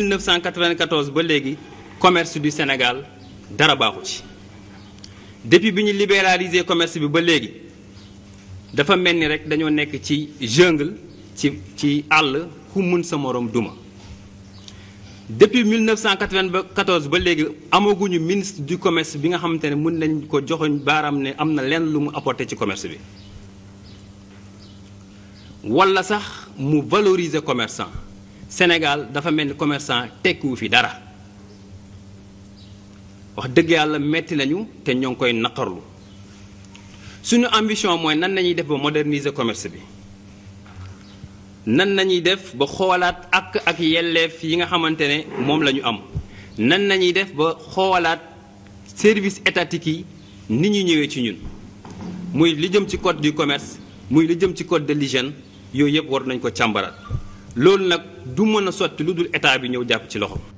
1994 ba léegi commerce du Sénégal dara baaxu ci depuis bi ñu libéraliser commerce bi ba léegi dafa mel ni rek dañoo nekk ci jungle ci ci àll ku mën sa morom duma. depuis 1994 ba léegi amaguñu ministre du commerce bi nga xamante ne mën nañ ko joxoñ baaram ne am na leen lu mu apporté ci commerce bi walla sax mu valoriser commerçant. Sénégal dafa mel ni commerçant tekkiwu fi dara wax dëgg yàlla metti nañu te ñoo ngi koy naqarlu suñu ambition mooy nan lañuy def ba moderniser commerce bi nan nañuy def ba xoolaat ak ak yelleef yi nga xamante ne moom la ñu am nan nañuy def ba xoolaat service étatique yi ni ñu ñëwee ci ñun muy li jëm ci code du commerce muy li jëm ci code de l'hygiène yooyu yëpp war nañ ko càmbaraat loolu nag du mën a sotti lu dul état bi ñëw jàpp ci loxo